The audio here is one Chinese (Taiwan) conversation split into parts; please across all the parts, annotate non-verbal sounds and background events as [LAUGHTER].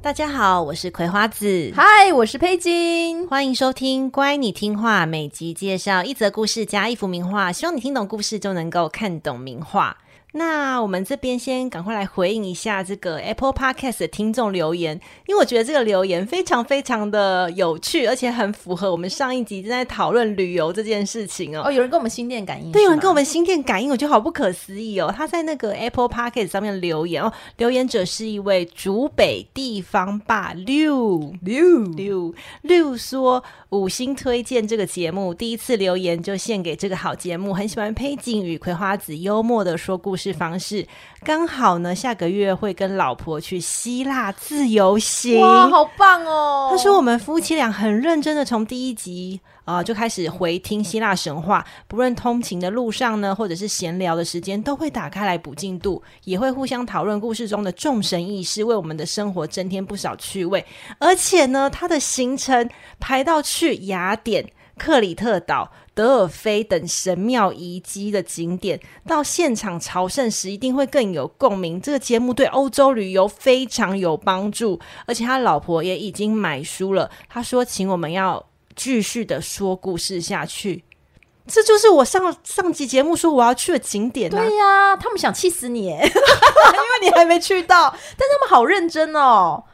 大家好，我是葵花子。嗨，我是佩君，歡迎收聽《乖，你聽畫》，每集介紹一則故事加一幅名畫，希望你聽懂故事就能夠看懂名畫。那我們這邊先趕快來回應一下這個 Apple Podcast 的聽眾留言，因為我覺得這個留言非常非常的有趣，而且很符合我們上一集正在討論旅遊這件事情哦。哦，有人跟我們心電感應，對，有人跟我們心電感應，我覺得好不可思議哦。他在那個 Apple Podcast 上面留言哦，留言者是一位竹北地方霸六六六六說，五星推薦這個節目，第一次留言就獻給這個好節目，很喜歡裴景與葵花子幽默的說故事，是方式，剛好呢，下個月會跟老婆去希臘自由行，哇，好棒哦！他說，我們夫妻倆很認真的從第一集啊、呃、就開始回聽希臘神話，不論通勤的路上呢，或者是閒聊的時間，都會打開來補進度，也會互相討論故事中的眾神意識，為我們的生活增添不少趣味。而且呢，他的行程排到去雅典。克里特島、德爾菲等神廟遺迹的景點，到現場朝聖時一定會更有共鳴。這個節目對歐洲旅遊非常有幫助，而且他老婆也已經買書了。他說，請我們要繼續的說故事下去。這就是我上上集節目說我要去的景點啊。對呀，他們想氣死你耶， [LAUGHS] [LAUGHS] 因為你還沒去到， [LAUGHS] 但他們好認真哦。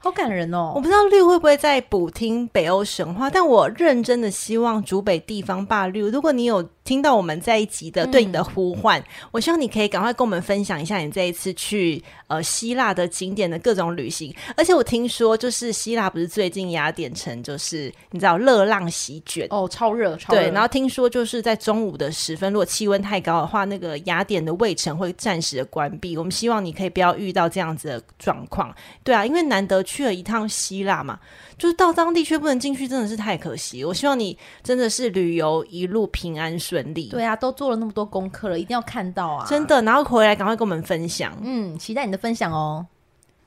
好感人哦！我不知道綠會不會再補聽北歐神話，但我認真的希望主北地方霸綠。如果你有，聽到我們這一集的對你的呼喚，嗯、我希望你可以趕快跟我們分享一下你這一次去呃希臘的景點的各種旅行。而且我聽說，就是希臘不是最近雅典城就是你知道熱浪席捲哦，超熱，超熱，對。然後聽說就是在中午的時分，如果氣溫太高的話，那個雅典的衛城會暫時的關閉。我們希望你可以不要遇到這樣子的狀況。對啊，因為難得去了一趟希臘嘛。就是到當地卻不能進去，真的是太可惜。我希望你真的是旅遊一路平安順利。對啊，都做了那麼多功課了，一定要看到啊！真的，然後回來趕快跟我們分享。嗯，期待你的分享哦。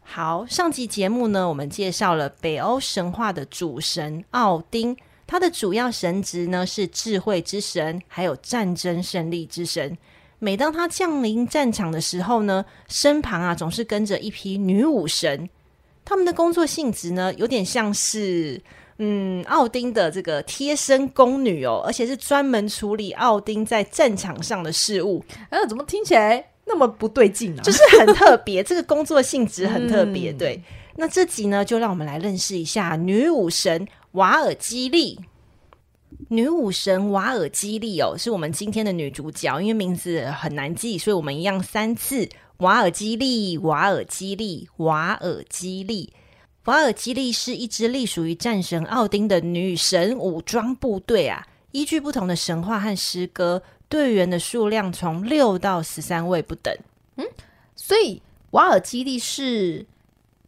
好，上期節目呢，我們介紹了北歐神話的主神奧丁，他的主要神職呢是智慧之神，還有戰爭勝利之神。每當他降臨戰場的時候呢，身旁啊總是跟着一批女武神。他們的工作性質呢，有點像是嗯，奧丁的這個貼身宮女哦、喔，而且是專門處理奧丁在戰場上的事務。哎、啊，怎麼聽起來那麼不對勁啊？就是很特別， [LAUGHS] 這個工作性質很特別。對，嗯、那這集呢，就讓我們來認識一下女武神瓦爾基麗。女武神瓦爾基麗哦、喔，是我們今天的女主角，因為名字很難記，所以我們一樣三次。瓦爾基麗，瓦爾基麗，瓦爾基麗，瓦爾基麗是一支隸屬於戰神奧丁的女神武裝部隊啊！依據不同的神話和詩歌，隊員的數量從六到十三位不等。嗯，所以瓦爾基麗是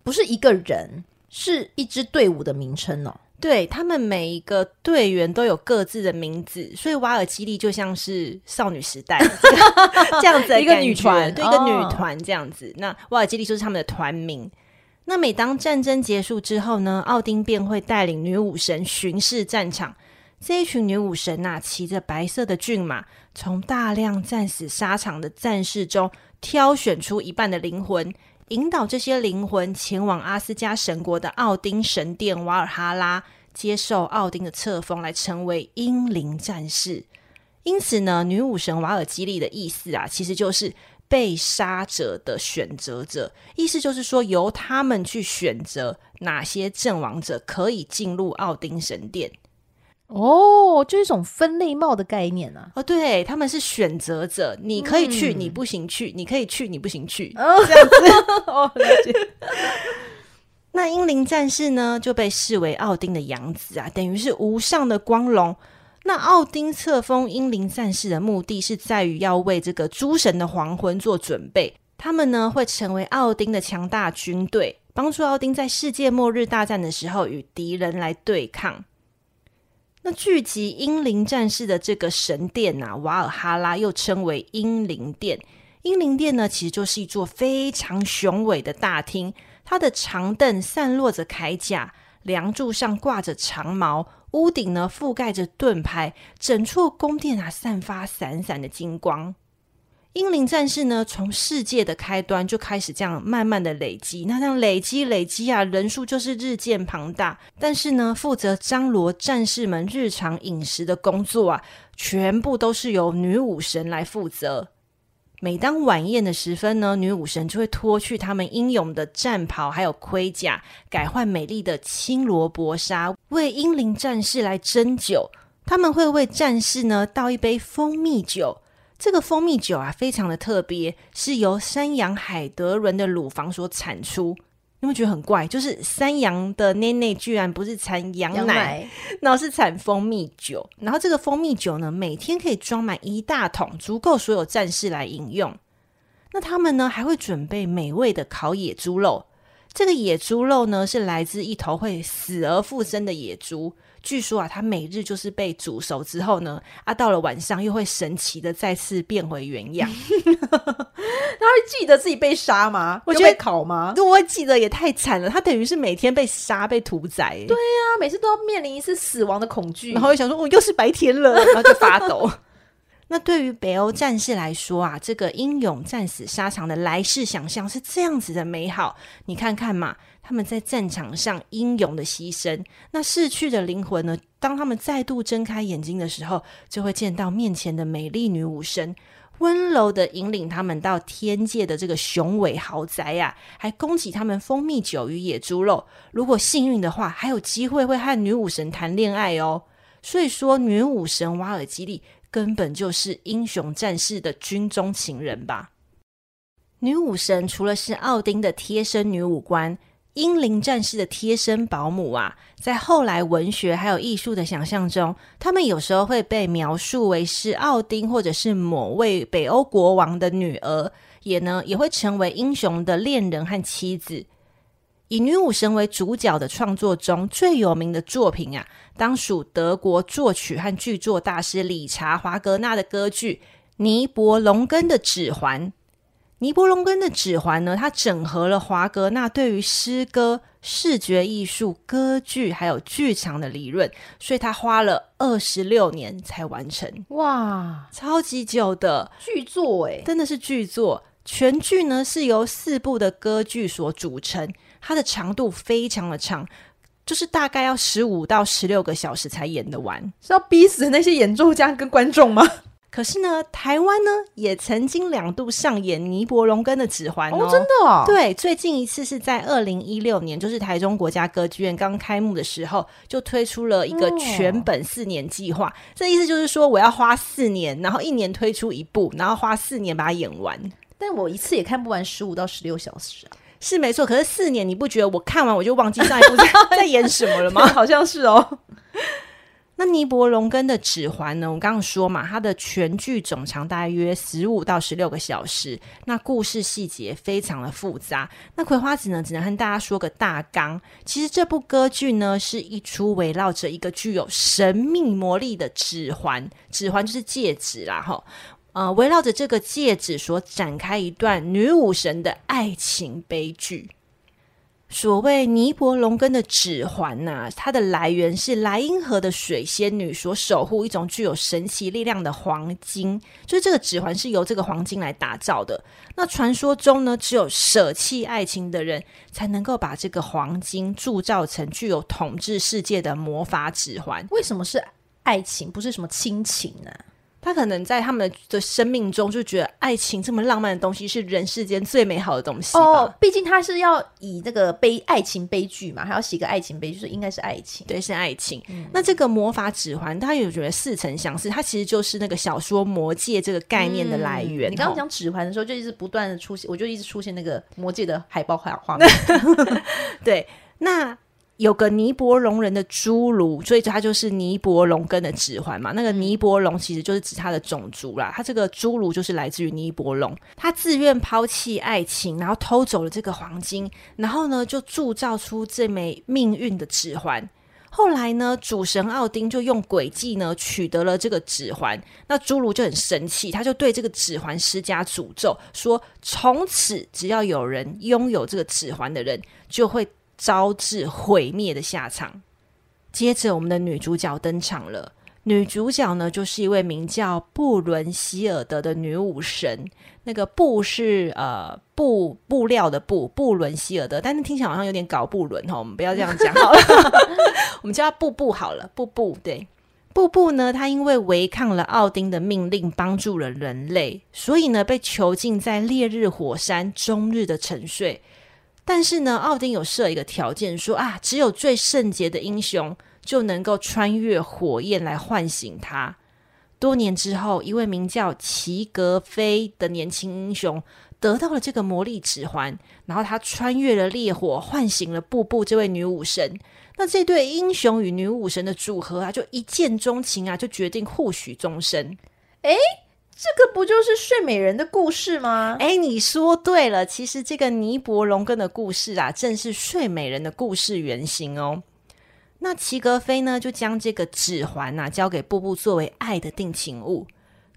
不是一個人，是一支隊伍的名稱哦？對，他們每一個隊員都有各自的名字，所以瓦爾基利就像是少女時代 [LAUGHS] 這樣子 [LAUGHS] 一個女團，對、哦、一個女團這樣子。那瓦爾基利就是他們的團名。那每當戰爭結束之後呢，奧丁便會帶領女武神巡視戰場。這一群女武神吶、啊，騎着白色的駿馬，從大量戰死沙場的戰士中挑選出一半的靈魂。引導這些靈魂前往阿斯加神國的奧丁神殿瓦爾哈拉，接受奧丁的冊封，來成為英靈戰士。因此呢，女武神瓦爾基利的意思啊，其實就是被殺者的選擇者，意思就是說由他們去選擇哪些陣亡者可以進入奧丁神殿。哦，就一種分類帽的概念啊！哦，對，他們是選擇者，你可以去，嗯、你不行去，你可以去，你不行去，這樣子。哦， [LAUGHS] [LAUGHS] 那英靈戰士呢，就被視為奧丁的養子啊，等於是無上的光榮。那奧丁冊封英靈戰士的目的是在於要為這個諸神的黃昏做準備，他們呢，會成為奧丁的強大的軍隊，幫助奧丁在世界末日大戰的時候與敵人來對抗。那聚集英靈戰士的這個神殿吶、啊，瓦爾哈拉又稱為英靈殿。英靈殿呢，其實就是一座非常雄偉的大廳。它的長凳散落着鎧甲，樑柱上掛着長矛，屋頂呢覆蓋着盾牌，整座宮殿啊散發閃閃的金光。英靈戰士呢，從世界的開端就開始這樣慢慢的累積。那這樣累積累積啊，人數就是日漸龐大。但是呢，負責張羅戰士們日常飲食的工作啊，全部都是由女武神來負責。每當晚宴的時分呢，女武神就會脫去他們英勇的戰袍還有盔甲，改換美麗的青羅薄紗，為英靈戰士來斟酒。他們會為戰士呢倒一杯蜂蜜酒。這個蜂蜜酒啊，非常的特別，是由山羊海德倫的乳房所產出。你們覺得很怪，就是山羊的奶奶居然不是產羊奶，而買是產蜂蜜酒。然後這個蜂蜜酒呢，每天可以裝滿一大桶，足夠所有戰士來飲用。那他們呢，還會準備美味的烤野豬肉。這個野豬肉呢，是來自一頭會死而復生的野豬。據說啊，他每日就是被煮熟之後呢，啊，到了晚上又會神奇的再次變回原樣。 [LAUGHS] 他會記得自己被殺嗎？會被烤嗎？如果記得也太慘了，他等於是每天被殺被屠宰。對啊，每次都要面臨一次死亡的恐懼。然後我想說，哦，又是白天了，然後就發抖。 [LAUGHS] 那對於北歐戰士來說啊，這個英勇戰死沙場的來世想象是這樣子的美好，你看看嘛。他們在戰場上英勇的犧牲，那逝去的靈魂呢？當他們再度睜開眼睛的時候，就會見到面前的美麗女武神，溫柔地引領他們到天界的這個雄偉豪宅呀、啊，還供給他們蜂蜜酒與野豬肉。如果幸運的話，還有機會會和女武神談戀愛哦。所以說，女武神瓦爾基麗根本就是英雄戰士的軍中情人吧。女武神除了是奧丁的貼身女武官，英靈戰士的貼身保姆啊，在後來文學還有藝術的想象中，他們有時候會被描述為是奧丁或者是某位北歐國王的女兒，也呢也會成為英雄的戀人和妻子。以女武神為主角的創作中，最有名的作品啊，當屬德國作曲和劇作大師理察·華格納的歌劇《尼伯龍根的指環》。尼伯龍根的指環呢，它整合了華格納對於詩歌、視覺藝術、歌劇還有劇場的理論，所以他花了二十六年才完成。哇，超級久的劇作誒、欸，真的是劇作！全劇呢是由四部的歌劇所組成，它的長度非常的長，就是大概要十五到十六個小時才演得完，是要逼死那些演奏家跟觀眾嗎？可是呢，台灣呢也曾經兩度上演《尼伯龍根的指環》哦，哦，真的哦？對，最近一次是在二零一六年，就是台中國家歌劇院剛開幕的時候，就推出了一個全本四年計劃。嗯，這意思就是說，我要花四年，然後一年推出一部，然後花四年把它演完。但我一次也看不完十五到十六小時啊！是沒錯，可是四年，你不覺得我看完我就忘記上一部在演什麼了嗎？ [LAUGHS] 對好像是哦。那尼伯龍根的指環呢？我剛剛說嘛，它的全劇總長大約十五到十六個小時。那故事細節非常的複雜。那葵花子呢，只能和大家說個大綱。其實這部歌劇呢，是一出圍繞着一個具有神秘魔力的指環，指環就是戒指啦，吼，呃，圍繞着這個戒指所展開一段女武神的愛情悲劇。所謂尼伯龍根的指環呢、啊，它的來源是萊茵河的水仙女所守護一種具有神奇力量的黃金，就是這個指環是由這個黃金來打造的。那傳說中呢，只有捨棄愛情的人才能夠把這個黃金鑄造成具有統治世界的魔法指環。為什麼是愛情，不是什麼親情呢、啊？他可能在他們的生命中就覺得愛情這麼浪漫的東西是人世間最美好的東西哦，畢竟他是要以那個悲愛情悲劇嘛，還要寫個愛情悲劇，說應該是愛情，對，是愛情。嗯、那這個魔法指環，他有覺得似曾相識，它其實就是那個小說《魔戒》這個概念的來源。嗯哦、你剛剛講指環的時候，就一直不斷的出現，我就一直出現那個《魔戒》的海報畫畫面。 [LAUGHS] [LAUGHS] 對，那。有個尼伯龍人的侏儒，所以他就是尼伯龍根的指環嘛。那個尼伯龍其實就是指他的種族啦。他這個侏儒就是來自於尼伯龍，他自願拋棄愛情，然後偷走了這個黃金，然後呢就鑄造出這枚命運的指環。後來呢，主神奧丁就用詭計呢取得了這個指環。那侏儒就很生氣，他就對這個指環施加詛咒，說從此只要有人擁有這個指環的人就會招致毀滅的下場。接着，我們的女主角登場了。女主角呢，就是一位名叫布倫希爾德的女武神。那個布是呃布布料的布，布倫希爾德。但是聽起來好像有點搞布倫哈，我們不要這樣講好了。 [LAUGHS] [LAUGHS] 我們叫她布布好了，布布。對，布布呢，她因為違抗了奧丁的命令，幫助了人類，所以呢，被囚禁在烈日火山，終日的沉睡。但是呢，奧丁有設一個條件，說啊，只有最聖潔的英雄就能夠穿越火焰來喚醒他。多年之後，一位名叫齊格飛的年輕英雄得到了這個魔力指環，然後他穿越了烈火，喚醒了布布這位女武神。那這對英雄與女武神的組合啊，就一見鍾情啊，就決定互許終身。誒。這個不就是睡美人的故事嗎？哎，你說對了，其實這個尼伯龍根的故事啊，正是睡美人的故事原型哦。那齊格飛呢，就將這個指環吶，啊，交給布布作為愛的定情物。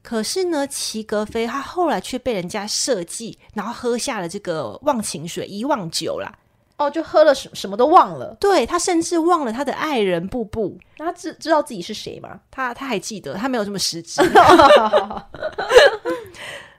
可是呢，齊格飛他後來卻被人家設計，然後喝下了這個忘情水，遺忘酒了。哦，就喝了什什麼都忘了，對他甚至忘了他的愛人步步，那他知知道自己是誰嗎？他他還記得，他沒有什麼失職。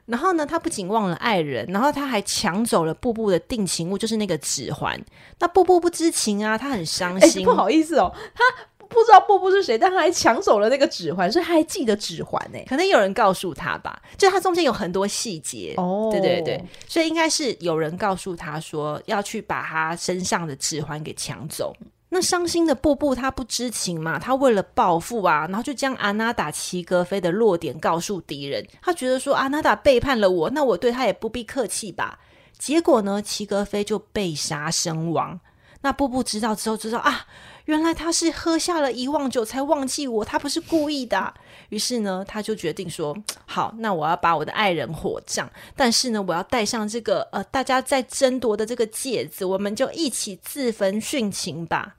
然後呢，他不僅忘了愛人，然後他還搶走了步步的定情物，就是那個指環。那步步不知情啊，他很傷心、欸。不好意思哦，他。不知道布布是誰，但他還搶走了那個指環，是，他還記得指環呢、欸。可能有人告訴他吧，就他中間有很多細節。哦，對對對，所以應該是有人告訴他說要去把他身上的指環給搶走。那傷心的布布他不知情嘛？他為了報復啊，然後就將阿娜達齊格菲的弱點告訴敵人。他覺得說阿娜達背叛了我，那我對他也不必客氣吧。結果呢，齊格菲就被殺身亡。那布布知道之後，知道啊。原來他是喝下了遺忘酒才忘記我，他不是故意的、啊。於是呢，他就決定說：“好，那我要把我的愛人火葬，但是呢，我要帶上這個呃，大家在爭奪的這個戒指，我們就一起自焚殉情吧。”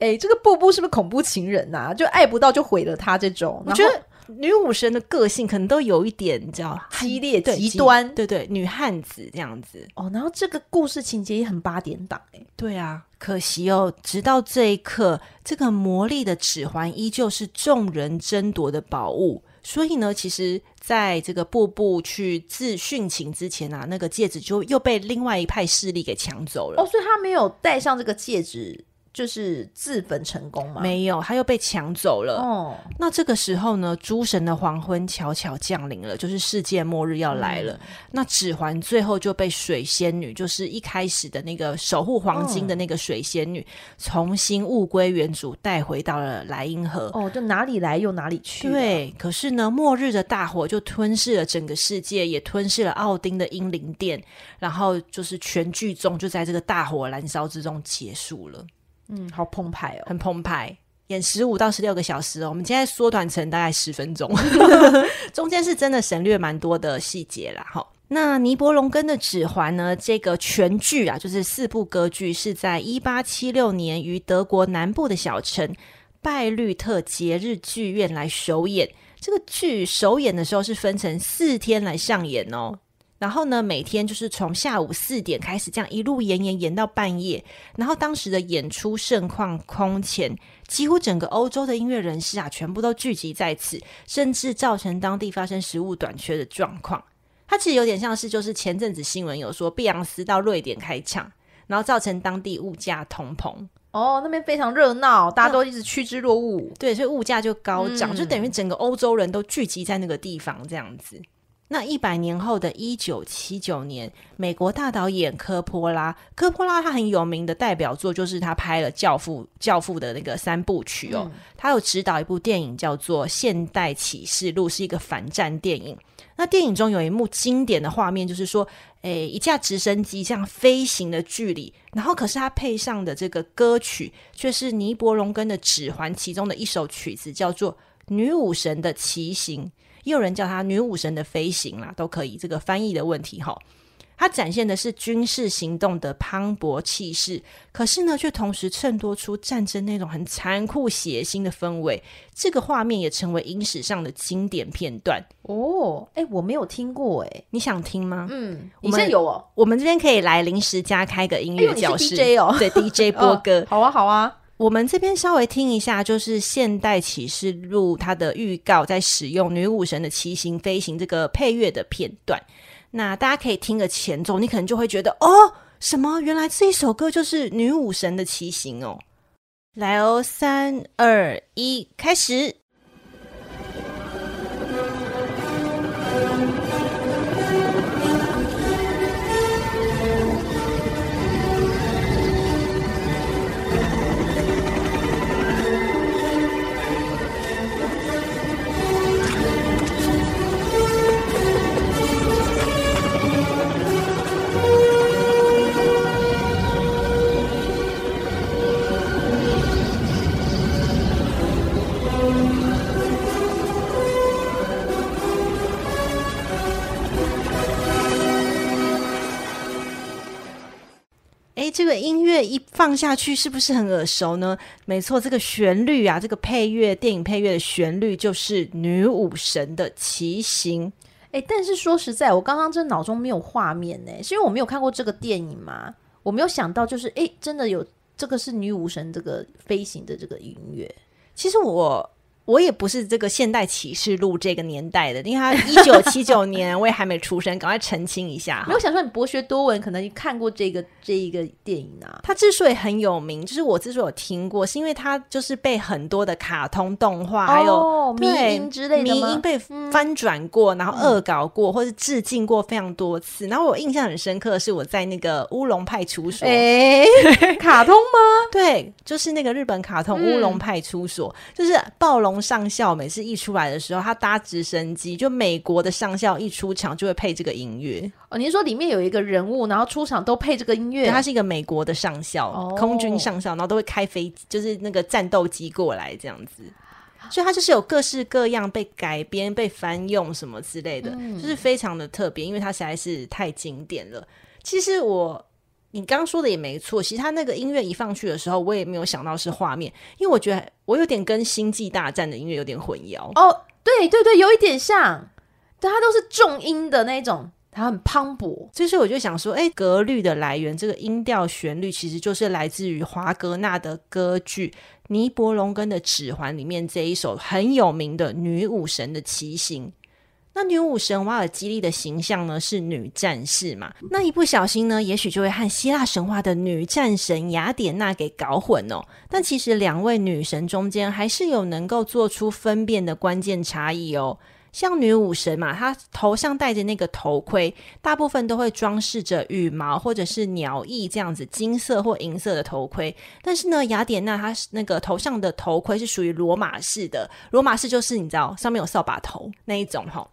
哎、欸，這個布布是不是恐怖情人吶、啊？就愛不到就毀了他這種。我覺得女武神的個性可能都有一點你知道激烈、對極端，對對，女漢子這樣子。哦，然後這個故事情節也很八點檔、欸對啊，可惜哦。直到這一刻，這個魔力的指環依舊是眾人爭奪的寶物。所以呢，其實在這個步步去自殉情之前啊，那個戒指就又被另外一派勢力給搶走了。哦，所以他沒有戴上這個戒指。就是自焚成功嗎？沒有，他又被搶走了。哦，那這個時候呢？諸神的黃昏悄悄降臨了，就是世界末日要來了。嗯、那指環最後就被水仙女，就是一開始的那個守護黃金的那個水仙女，哦、重新物歸原主，帶回到了萊茵河。哦，就哪裡來又哪裡去、啊。對。可是呢，末日的大火就吞噬了整個世界，也吞噬了奧丁的英靈殿。然後就是全劇終，就在這個大火燃燒之中結束了。嗯，好澎湃哦，很澎湃，演十五到十六個小時哦。我們現在縮短成大概十分鐘， [LAUGHS] 中間是真的省略蠻多的細節啦。哈。那《尼伯龍根的指環》呢？這個全劇啊，就是四部歌劇，是在一八七六年於德國南部的小城拜律特節日劇院來首演。這個劇首演的時候是分成四天來上演哦。然後呢，每天就是從下午四點開始，這樣一路延延延到半夜。然後當時的演出盛況空前，幾乎整個歐洲的音樂人士啊，全部都聚集在此，甚至造成當地發生食物短缺的狀況。它其實有點像是，就是前陣子新聞有說，碧昂斯到瑞典開唱，然後造成當地物價通膨。哦，那邊非常熱鬧，大家都一直趨之若鶩、啊。對，所以物價就高漲，嗯、就等於整個歐洲人都聚集在那個地方這樣子。那一百年後的一九七九年，美國大導演科波拉，科波拉他很有名的代表作就是他拍了教《教父》《教父》的那個三部曲哦。他有指導一部電影叫做《現代啟示錄》，是一個反戰電影。那電影中有一幕經典的畫面，就是說，誒，一架直升機這樣飛行的距離，然後可是它配上的這個歌曲卻、就是尼伯龍根的指環其中的一首曲子，叫做《女武神的騎行》。也有人叫它“女武神的飛行”啦，都可以。這個翻譯的問題齁，它展現的是軍事行動的磅礴氣勢，可是呢，卻同時襯托出戰爭那種很殘酷血腥的氛圍。這個畫面也成為影史上的經典片段哦。哎、欸，我沒有聽過哎、欸，你想聽嗎？嗯，我們現在有哦，我們這邊可以來臨時加開個音樂教室，DJ 哦、對 [LAUGHS] DJ 播歌，哦、好，啊好啊，好啊。我們這邊稍微聽一下，就是《現代啟示錄》它的預告，在使用女武神的騎行飛行這個配樂的片段。那大家可以聽個前奏，你可能就會覺得，哦，什麼？原來這一首歌就是女武神的騎行哦。來，哦，三二一，開始。這個音樂一放下去，是不是很耳熟呢？沒錯，這個旋律啊，這個配樂，電影配樂的旋律就是《女武神》的騎行。欸，但是說實在，我剛剛這腦中沒有畫面呢，是因為我沒有看過這個電影嘛？我沒有想到，就是欸，真的有這個是《女武神》這個飛行的這個音樂。其實我。我也不是這個《現代啟示錄》這個年代的，因為他一九七九年，我也還沒出生。趕快澄清一下，沒有想說你博學多聞，可能你看過這個這一個電影啊。他之所以很有名，就是我之所以有聽過，是因為他就是被很多的卡通動畫還有迷因之類的迷因被翻轉過，然後惡搞過，或是致敬過非常多次。然後我印象很深刻的是我在那個烏龍派出所，哎，卡通嗎？對，就是那個日本卡通烏龍派出所，就是暴龍。上校每次一出來的時候，他搭直升機，就美國的上校一出場，就會配這個音樂。哦，您說裡面有一個人物，然後出場都配這個音樂，他是一個美國的上校，哦、空軍上校，然後都會開飛機，就是那個戰鬥機過來這樣子。所以他就是有各式各樣被改編、被翻用什麼之類的，嗯、就是非常的特別，因為它實在是太經典了。其實我。你剛剛說的也沒錯，其實他那個音樂一放去的時候，我也沒有想到是畫面，因為我覺得我有點跟《星際大戰》的音樂有點混淆。哦，對對對，有一點像，但它都是重音的那種，它很磅礴。所以說，我就想說，哎，格律的來源，這個音調旋律其實就是來自於華格納的歌劇《尼伯龍根的指環》裡面這一首很有名的女武神的騎行。那女武神瓦爾基麗的形象呢，是女戰士嘛，那一不小心呢，也許就會和希臘神話的女戰神雅典娜給搞混哦。但其實兩位女神中間還是有能夠做出分辨的關鍵差異哦。像女武神嘛，她頭上戴着那個頭盔，大部分都會裝飾着羽毛或者是鳥翼這樣子，金色或銀色的頭盔。但是呢，雅典娜她那個頭上的頭盔是屬於羅馬式的，羅馬式就是你知道，上面有掃把頭那一種吼。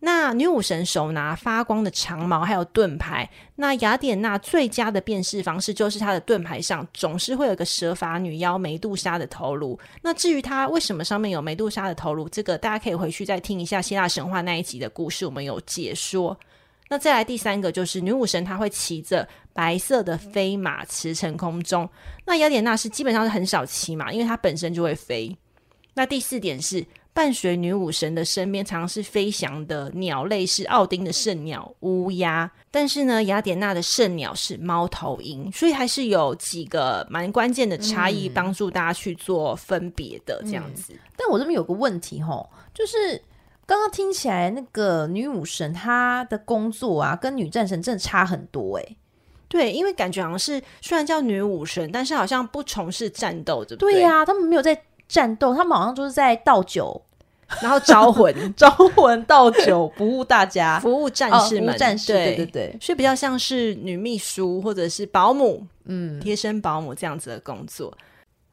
那女武神手拿發光的長矛，還有盾牌。那雅典娜最佳的辨識方式就是她的盾牌上總是會有個蛇髮女妖梅杜莎的頭顱。那至於她為什麼上面有梅杜莎的頭顱，這個大家可以回去再聽一下希臘神話那一集的故事，我們有解說。那再來第三個就是女武神，她會騎着白色的飛馬馳騁空中。那雅典娜是基本上是很少騎馬，因為她本身就會飛。那第四點是，伴隨女武神的身邊常常是飛翔的鳥類，是奧丁的聖鳥烏鴉。但是呢，雅典娜的聖鳥是貓頭鷹，所以還是有幾個蠻關鍵的差異，幫助大家去做分別的這樣子。嗯嗯、但我這邊有個問題吼，就是剛剛聽起來那個女武神她的工作啊，跟女戰神真的差很多哎、欸。對，因為感覺好像是雖然叫女武神，但是好像不從事戰鬥，對不對？對呀、啊，他們沒有在戰鬥，他們好像就是在倒酒。 [LAUGHS] 然後招魂， [LAUGHS] 招魂倒酒，服務大家。 [LAUGHS] 服務戰士們，哦、戰士對，對對對，所以比較像是女秘書或者是保姆，嗯，貼身保姆這樣子的工作。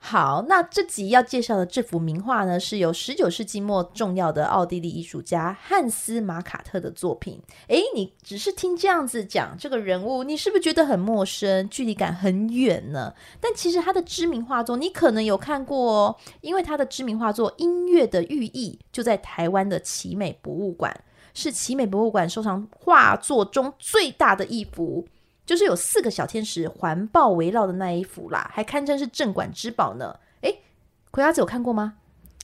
好，那這集要介紹的這幅名畫呢，是由十九世紀末重要的奧地利藝術家漢斯·馬卡特的作品。誒，你只是聽這樣子講這個人物，你是不是覺得很陌生，距離感很遠呢？但其實他的知名畫作，你可能有看過哦，因為他的知名畫作《音樂的寓意》就在台灣的奇美博物館，是奇美博物館收藏畫作中最大的一幅。就是有四個小天使環抱圍繞的那一幅啦，還堪稱是鎮館之寶呢。哎，葵阿子有看過嗎？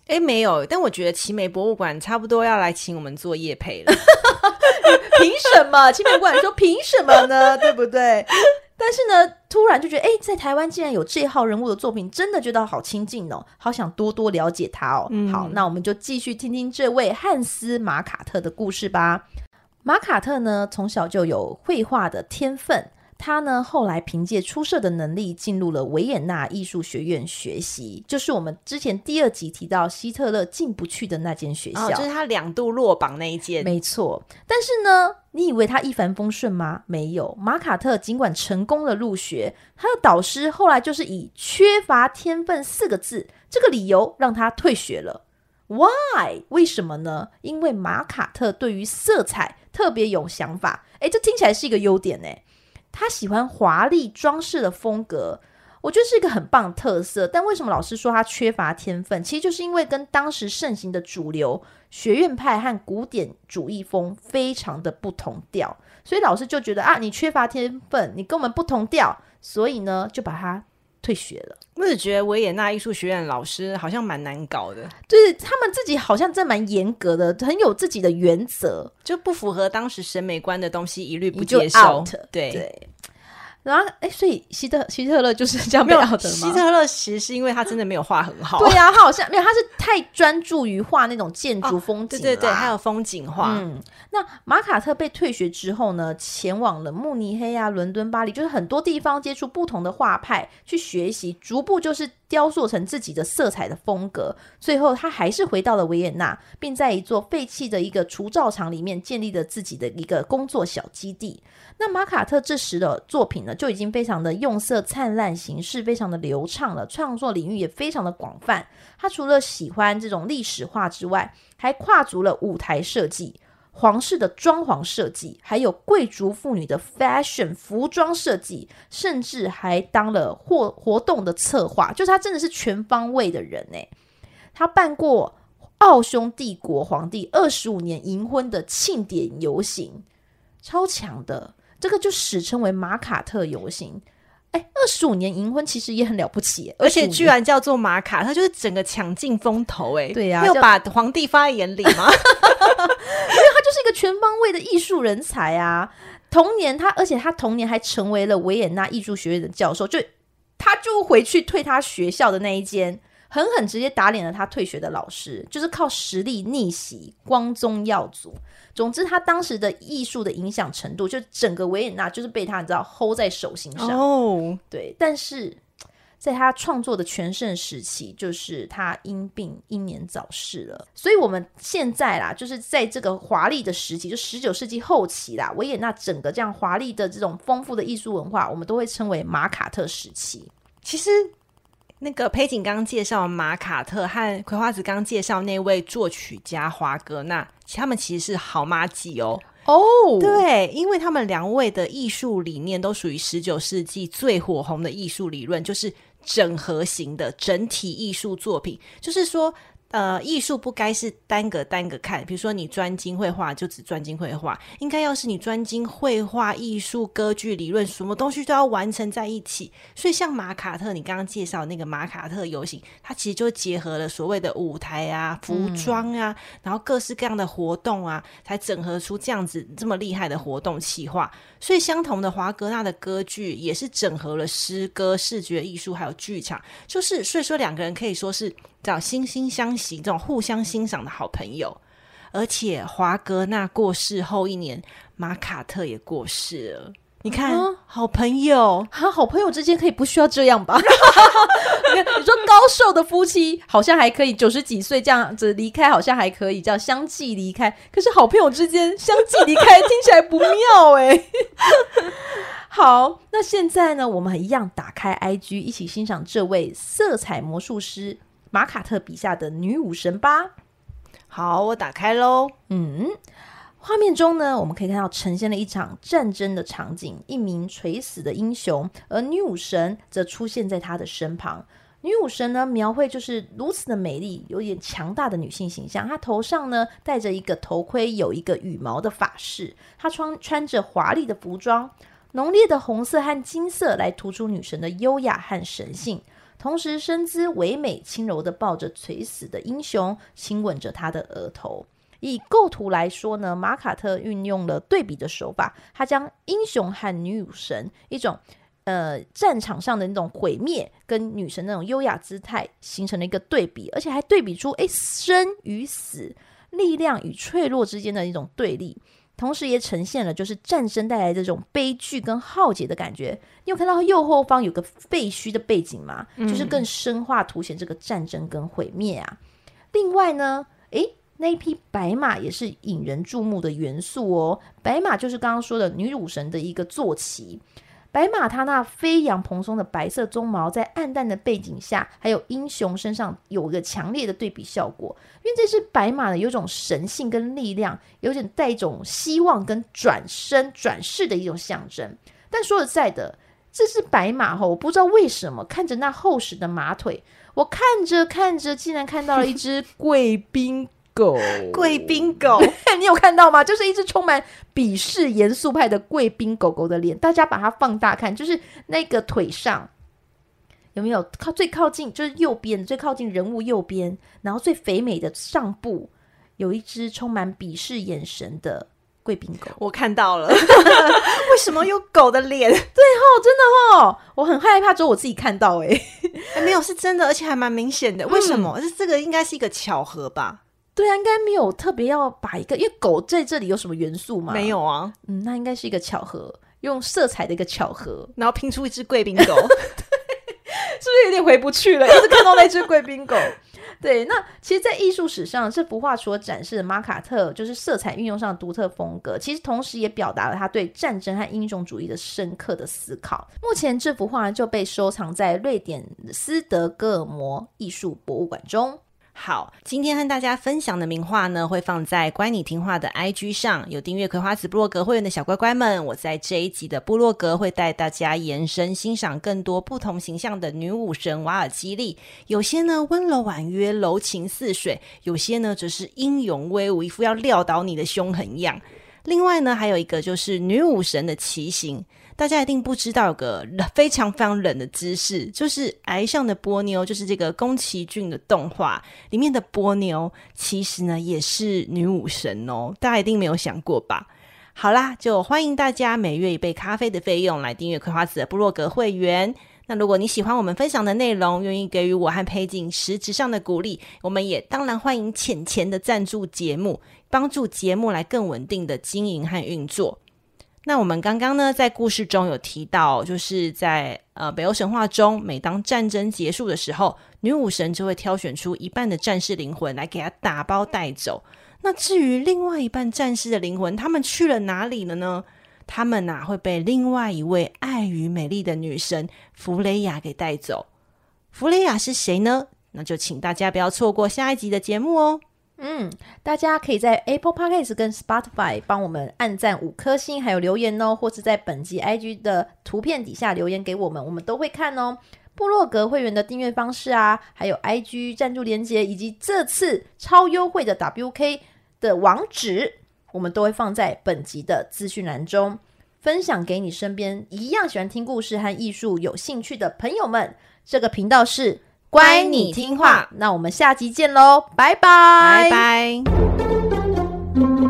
哎，沒有。但我覺得奇美博物館差不多要來請我們做業配了。憑什麼？奇美博物館說憑什麼呢？對不對？ [LAUGHS] 但是呢，突然就覺得，哎，在台灣竟然有這號人物的作品，真的覺得好親近哦，好想多多了解他哦。嗯、好，那我們就繼續聽聽這位漢斯·馬卡特的故事吧。馬卡特呢，從小就有繪畫的天分。他呢，後來憑借出色的能力進入了維也納藝術學院學習，就是我們之前第二集提到希特勒進不去的那間學校，哦，就是他兩度落榜那一間。沒錯，但是呢，你以為他一帆風順嗎？沒有。馬卡特儘管成功了入學，他的導師後來就是以缺乏天分四個字這個理由讓他退學了。Why？為什麼呢？因為馬卡特對於色彩。特別有想法，誒，這聽起來是一個優點呢。他喜歡華麗裝飾的風格，我覺得是一個很棒的特色。但為什麼老師說他缺乏天分？其實就是因為跟當時盛行的主流學院派和古典主義風非常的不同調，所以老師就覺得啊，你缺乏天分，你跟我們不同調，所以呢，就把他。退學了，我只覺得維也納藝術學院老師好像蠻難搞的，就是他們自己好像真蠻嚴格的，很有自己的原則，就不符合當時審美觀的東西一律不接受，get out, 對。對然後，哎，所以希特希特勒就是這樣被搞的嘛。希特勒其實是因為他真的沒有畫很好。 [LAUGHS] 對呀、啊，他好像沒有，他是太專注於畫那種建築風景。哦，對對對，還有風景畫。嗯，那馬卡特被退學之後呢，前往了慕尼黑啊、倫敦、巴黎，就是很多地方接觸不同的畫派去學習，逐步就是。雕塑成自己的色彩的風格，最後他還是回到了維也納，並在一座廢棄的一個鑄造廠裡面建立了自己的一個工作小基地。那馬卡特這時的作品呢，就已經非常的用色燦爛，形式非常的流暢了，創作領域也非常的廣泛。他除了喜歡這種歷史畫之外，還跨足了舞台設計。皇室的裝潢設計，還有貴族婦女的 fashion 服裝設計，甚至還當了活活動的策劃，就是他真的是全方位的人哎。他辦過奧匈帝國皇帝二十五年銀婚的慶典遊行，超強的這個就史稱為馬卡特遊行。哎，二十五年銀婚其實也很了不起耶，而且居然叫做馬卡，他就是整個搶盡風頭哎，對呀、啊，要把皇帝放在眼裡嗎？ [LAUGHS] [LAUGHS] 因為他就是一個全方位的藝術人才啊。同年他，而且他同年還成為了維也納藝術學院的教授，就他就回去退他學校的那一間。狠狠直接打臉了他退學的老師，就是靠實力逆襲光宗耀祖。總之，他當時的藝術的影響程度，就整個維也納就是被他你知道 hold 在手心上。哦，oh. 對。但是在他創作的全盛時期，就是他因病英年早逝了。所以，我們現在啦，就是在這個華麗的時期，就十九世紀後期啦，維也納整個這樣華麗的這種豐富的藝術文化，我們都會稱為馬卡特時期。其實。那個裴景剛介紹馬卡特和葵花子剛介紹那位作曲家華格納，他們其實是好麻吉哦。哦，oh. 對，因為他們兩位的藝術理念都屬於十九世紀最火紅的藝術理論，就是整合型的整體藝術作品，就是說。呃，藝術不該是單個單個看，比如說你專精繪畫就只專精繪畫，應該要是你專精繪畫、藝術、歌劇、理論，什麼東西都要完成在一起。所以像馬卡特，你剛剛介紹的那個馬卡特遊行，它其實就結合了所謂的舞台啊、服裝啊，嗯、然後各式各樣的活動啊，才整合出這樣子這麼厲害的活動企劃。所以相同的，華格納的歌劇也是整合了詩歌、視覺藝術還有劇場，就是所以說兩個人可以說是。叫惺惺相惜，這種互相欣賞的好朋友。而且華格納過世後一年，馬卡特也過世了。你看，嗯啊、好朋友、啊，好朋友之間可以不需要這樣吧？ [LAUGHS] [LAUGHS] 你，你說高壽的夫妻好像還可以九十幾歲這樣子離開，好像還可以叫相繼離開。可是好朋友之間相繼離開，聽起來不妙哎、欸。 [LAUGHS] 好，那現在呢，我們一樣打開 IG，一起欣賞這位色彩魔術師。馬卡特筆下的女武神吧，好，我打開嘍。嗯，畫面中呢，我們可以看到呈現了一場戰爭的場景，一名垂死的英雄，而女武神則出現在他的身旁。女武神呢，描繪就是如此的美麗，有點強大的女性形象。她頭上呢戴着一個頭盔，有一個羽毛的髮飾。她穿穿着華麗的服裝，濃烈的紅色和金色來突出女神的優雅和神性。同時，身姿唯美、輕柔的抱着垂死的英雄，親吻着他的額頭。以構圖來說呢，馬卡特運用了對比的手法，他將英雄和女武神一種，呃，戰場上的那種毀滅，跟女神那種優雅姿態形成了一個對比，而且還對比出哎，生與死、力量與脆弱之間的一種對立。同時，也呈現了就是戰爭帶來的這種悲劇跟浩劫的感覺。你有看到右後方有個廢墟的背景嗎？就是更深化凸顯這個戰爭跟毀滅啊。嗯、另外呢，誒，那一匹白馬也是引人注目的元素哦。白馬就是剛剛說的女武神的一個坐騎。白馬它，那飛揚蓬鬆的白色鬃毛，在暗淡的背景下，還有英雄身上有一個強烈的對比效果。因為這隻白馬呢，有種神性跟力量，有點帶一種希望跟轉身轉世的一種象徵。但說實在的，這隻白馬哈，我不知道為什麼看着那厚實的馬腿，我看着看着竟然看到了一只 [LAUGHS] 貴賓。貴賓狗， [LAUGHS] 你有看到嗎？就是一只充滿鄙視、嚴肅派的貴賓狗狗的臉，大家把它放大看，就是那個腿上有沒有靠最靠近，就是右邊最靠近人物右邊，然後最肥美的上部，有一只充滿鄙視眼神的貴賓狗。我看到了， [LAUGHS] [LAUGHS] 為什麼有狗的臉？對、 [LAUGHS] 哦、真的哦，我很害怕，只有我自己看到 [LAUGHS] 哎，沒有是真的，而且還蠻明顯的。嗯、為什麼？這這個應該是一個巧合吧？對啊，應該沒有特別要把一個，因為狗在這裡有什麼元素嗎？沒有啊，嗯，那應該是一個巧合，用色彩的一個巧合，然後拼出一隻貴賓狗，是不是有點回不去了？又是 [LAUGHS] 看到那隻貴賓狗， [LAUGHS] 對，那其實，在藝術史上，這幅畫所展示的馬卡特就是色彩運用上的獨特風格，其實同時也表達了他對戰爭和英雄主義的深刻的思考。目前，這幅畫就被收藏在瑞典斯德哥爾摩藝術博物館中。好，今天和大家分享的名畫呢，會放在乖你聽畫的 IG 上。有訂閱葵花子部落格會員的小乖乖們，我在這一集的部落格會帶大家延伸欣賞更多不同形象的女武神瓦爾基麗。有些呢溫柔婉約、柔情似水，有些呢則是英勇威武、一副要撂倒你的兇狠樣。另外呢，還有一個就是女武神的騎行，大家一定不知道有個非常非常冷的知識，就是《崖上的波妞》，就是這個宮崎駿的動畫裡面的波妞，其實呢也是女武神哦，大家一定沒有想過吧？好啦，就歡迎大家每月一杯咖啡的費用來訂閱葵花子的部落格會員。那如果你喜歡我們分享的內容，願意給予我和佩錦實質上的鼓勵，我們也當然歡迎淺淺的贊助節目。幫助節目來更穩定的經營和運作。那我們剛剛呢，在故事中有提到，就是在，呃，北歐神話中，每當戰爭結束的時候，女武神就會挑選出一半的戰士靈魂來給他打包帶走。那至於另外一半戰士的靈魂，他們去了哪裡了呢？他們吶，啊，會被另外一位愛與美麗的女神弗雷雅給帶走。弗雷雅是誰呢？那就請大家不要錯過下一集的節目哦。嗯，大家可以在 Apple Podcast 跟 Spotify 幫我們按讚五顆星，還有留言哦，或是在本集 IG 的圖片底下留言給我們，我們都會看哦。部落格會員的訂閱方式啊，還有 IG 贊助連結，以及這次超優惠的 WK 的網址，我們都會放在本集的資訊欄中。分享給你身邊一樣喜歡聽故事和藝術有興趣的朋友們。這個頻道是。乖，你聽畫，聽畫，那我們下集見嘍，拜拜。拜拜拜拜。